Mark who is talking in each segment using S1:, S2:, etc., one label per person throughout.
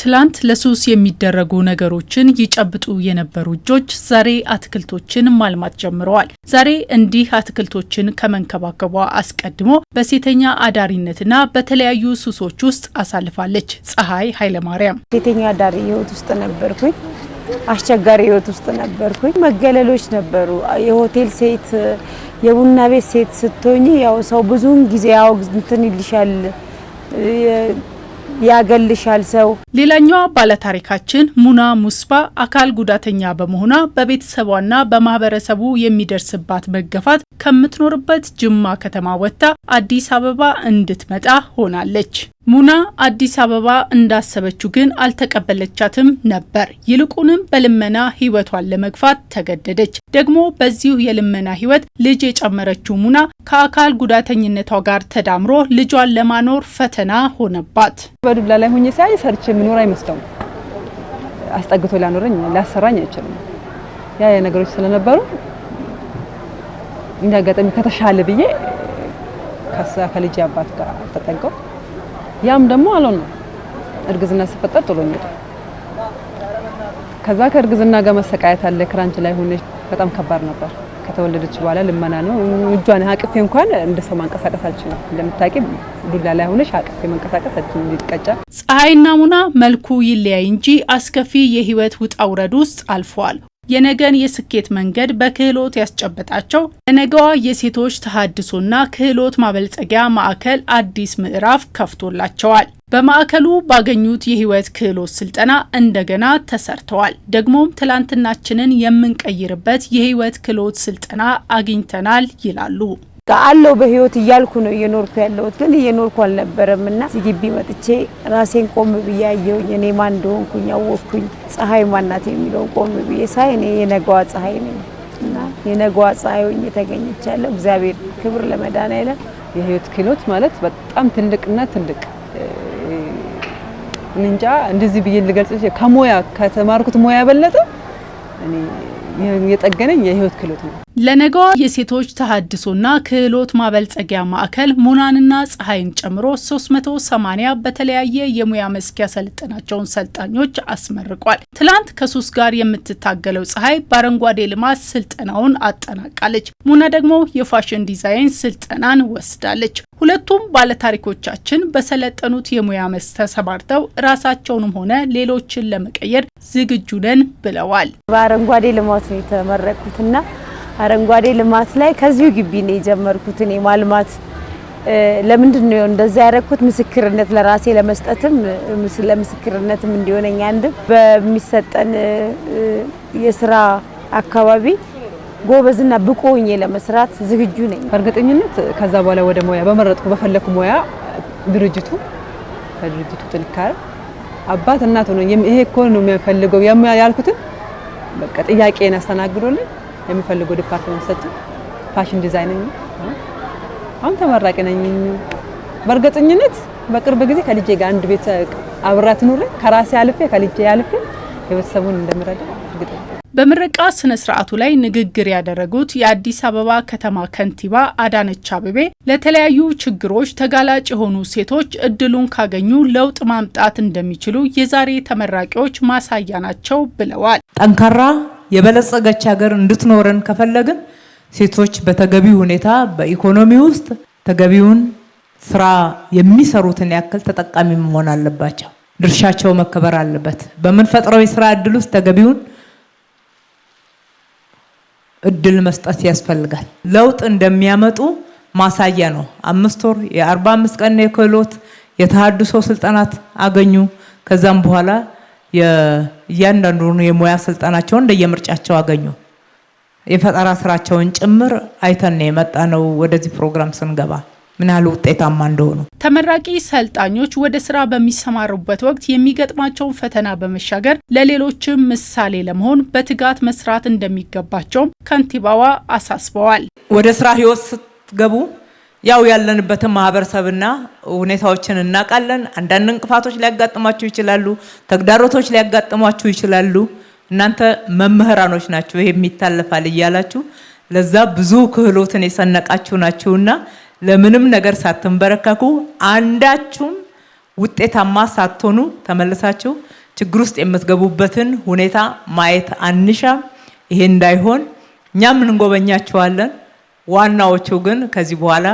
S1: ትላንት ለሱስ የሚደረጉ ነገሮችን ይጨብጡ የነበሩ እጆች ዛሬ አትክልቶችን ማልማት ጀምረዋል። ዛሬ እንዲህ አትክልቶችን ከመንከባከቧ አስቀድሞ በሴተኛ አዳሪነትና በተለያዩ ሱሶች ውስጥ አሳልፋለች። ፀሐይ ኃይለማርያም
S2: ሴተኛ አዳሪ ህይወት ውስጥ ነበርኩኝ። አስቸጋሪ ህይወት ውስጥ ነበርኩኝ። መገለሎች ነበሩ። የሆቴል ሴት፣ የቡና ቤት ሴት ስትሆኝ ያው ሰው ብዙውን ጊዜ ያው እንትን ይልሻል ያገልሻል ሰው።
S1: ሌላኛዋ ባለታሪካችን ሙና ሙስባ አካል ጉዳተኛ በመሆኗ በቤተሰቧና በማህበረሰቡ የሚደርስባት መገፋት ከምትኖርበት ጅማ ከተማ ወጥታ አዲስ አበባ እንድትመጣ ሆናለች። ሙና አዲስ አበባ እንዳሰበችው ግን አልተቀበለቻትም ነበር። ይልቁንም በልመና ህይወቷን ለመግፋት ተገደደች። ደግሞ በዚሁ የልመና ህይወት ልጅ የጨመረችው ሙና ከአካል ጉዳተኝነቷ ጋር ተዳምሮ ልጇን ለማኖር ፈተና ሆነባት።
S2: በዱላ ላይ ሆኜ ሳይ ሰርቼ የምኖር አይመስለውም። አስጠግቶ ሊያኖረኝ ሊያሰራኝ አይችልም። ያ የነገሮች ስለነበሩ እንደ ከተሻለ ብዬ ከልጅ አባት ጋር ተጠጋው ያም ደግሞ አልሆነም። እርግዝና ሲፈጠር ጥሎ ነው። ከዛ ከእርግዝና ጋር መሰቃየት አለ። ክራንች ላይ ሆነች። በጣም ከባድ ነበር። ከተወለደች በኋላ ልመና ነው። እጇን አቅፌ እንኳን እንደ ሰው ማንቀሳቀስ አልችልም። እንደምታውቂ ዱላ ላይ ሆነሽ አቅፌ መንቀሳቀስ አልችልም። ይቀጫ
S1: ፀሐይና ሙና መልኩ ይለያይ እንጂ አስከፊ የህይወት ውጣ ውረድ ውስጥ አልፏል። የነገን የስኬት መንገድ በክህሎት ያስጨበጣቸው ለነገዋ የሴቶች ተሃድሶና ክህሎት ማበልጸጊያ ማዕከል አዲስ ምዕራፍ ከፍቶላቸዋል። በማዕከሉ ባገኙት የህይወት ክህሎት ስልጠና እንደገና ተሰርተዋል። ደግሞም ትላንትናችንን የምንቀይርበት የህይወት ክህሎት ስልጠና አግኝተናል ይላሉ።
S2: አለው በህይወት እያልኩ ነው እየኖርኩ ያለሁት፣ ግን እየኖርኩ አልነበረም እና እዚህ ግቢ መጥቼ ራሴን ቆም ብዬ አየሁኝ። እኔ ማን እንደሆንኩኝ አወቅኩኝ። ፀሐይ ማናት የሚለውን ቆም ብዬ ሳይ እኔ የነገዋ ፀሐይ ነኝ እና የነገዋ ፀሐይ ሆኜ ተገኝቻለሁ። እግዚአብሔር ክብር ለመድኃኔዓለም። የህይወት ክህሎት ማለት በጣም ትልቅና ትልቅ እንጃ እንደዚህ ብዬ ልገልጽ ከሙያ ከተማርኩት ሙያ የበለጠ እኔ የጠገነኝ የህይወት ክህሎት ነው።
S1: ለነገዋ የሴቶች ተሃድሶና ክህሎት ማበልጸጊያ ማዕከል ሙናንና ፀሐይን ጨምሮ 380 በተለያየ የሙያ መስክ ያሰለጠናቸውን ሰልጣኞች አስመርቋል። ትላንት ከሱስ ጋር የምትታገለው ፀሐይ በአረንጓዴ ልማት ስልጠናውን አጠናቃለች። ሙና ደግሞ የፋሽን ዲዛይን ስልጠናን ወስዳለች። ሁለቱም ባለታሪኮቻችን በሰለጠኑት የሙያ መስክ ተሰማርተው ራሳቸውንም ሆነ ሌሎችን ለመቀየር ዝግጁ ነን ብለዋል።
S2: በአረንጓዴ ልማት ነው የተመረቁትና አረንጓዴ ልማት ላይ ከዚሁ ግቢ ነው የጀመርኩት እኔ ማልማት። ለምንድን ነው እንደዛ ያደረኩት? ምስክርነት ለራሴ ለመስጠትም ለምስክርነትም እንዲሆነኝ አንድም በሚሰጠን የስራ አካባቢ ጎበዝና ብቁ ሆኜ ለመስራት ዝግጁ ነኝ። በእርግጠኝነት ከዛ በኋላ ወደ ሙያ በመረጥኩ በፈለኩ ሙያ ድርጅቱ ከድርጅቱ ጥንካሬ አባት እናት ነው። ይሄ እኮ ነው የሚፈልገው ያልኩትን በቃ ጥያቄን ያስተናግዶልን የሚፈልገው ዲፓርትመንት ሰጥ ፋሽን ዲዛይነኝ አሁን ተመራቂ ነኝ። በእርግጠኝነት በቅርብ ጊዜ ከልጄ ጋር አንድ ቤት አብራት ኑሬ ከራሴ አልፌ ከልጄ አልፌ የቤተሰቡን እንደምረዳ እርግጠኛ
S1: በምረቃ ስነ ስርዓቱ ላይ ንግግር ያደረጉት የአዲስ አበባ ከተማ ከንቲባ አዳነች አቤቤ ለተለያዩ ችግሮች ተጋላጭ የሆኑ ሴቶች እድሉን ካገኙ ለውጥ ማምጣት እንደሚችሉ የዛሬ ተመራቂዎች ማሳያ ናቸው ብለዋል።
S3: ጠንካራ የበለጸገች ሀገር እንድትኖረን ከፈለግን ሴቶች በተገቢ ሁኔታ በኢኮኖሚ ውስጥ ተገቢውን ስራ የሚሰሩትን ያክል ተጠቃሚ መሆን አለባቸው። ድርሻቸው መከበር አለበት። በምንፈጥረው የስራ እድል ውስጥ ተገቢውን እድል መስጠት ያስፈልጋል። ለውጥ እንደሚያመጡ ማሳያ ነው። አምስት ወር የአርባ አምስት ቀን የክህሎት የተሃድሶ ስልጠናት አገኙ። ከዛም በኋላ እያንዳንዱን የሙያ ስልጠናቸውን እንደየምርጫቸው አገኙ። የፈጠራ ስራቸውን ጭምር አይተን የመጣ ነው ወደዚህ ፕሮግራም ስንገባ ምን ያህል ውጤታማ እንደሆኑ
S1: ተመራቂ ሰልጣኞች ወደ ስራ በሚሰማሩበት ወቅት የሚገጥማቸውን ፈተና በመሻገር ለሌሎችም ምሳሌ ለመሆን በትጋት መስራት እንደሚገባቸውም ከንቲባዋ አሳስበዋል።
S3: ወደ ስራ ህይወት ስትገቡ ያው ያለንበትን ማህበረሰብና ሁኔታዎችን እናውቃለን። አንዳንድ እንቅፋቶች ሊያጋጥሟችሁ ይችላሉ፣ ተግዳሮቶች ሊያጋጥሟችሁ ይችላሉ። እናንተ መምህራኖች ናችሁ፣ ይሄም ይታለፋል እያላችሁ ለዛ ብዙ ክህሎትን የሰነቃችሁ ናችሁና ለምንም ነገር ሳትንበረከኩ አንዳችሁም ውጤታማ ሳትሆኑ ተመልሳችሁ ችግር ውስጥ የምትገቡበትን ሁኔታ ማየት አንሻም። ይሄ እንዳይሆን እኛም እንጎበኛችኋለን። ዋናዎቹ ግን ከዚህ በኋላ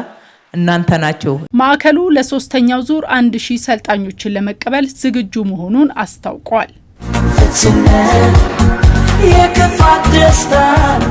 S3: እናንተ ናችሁ።
S1: ማዕከሉ ለሶስተኛው ዙር አንድ ሺህ ሰልጣኞችን ለመቀበል ዝግጁ መሆኑን አስታውቋል።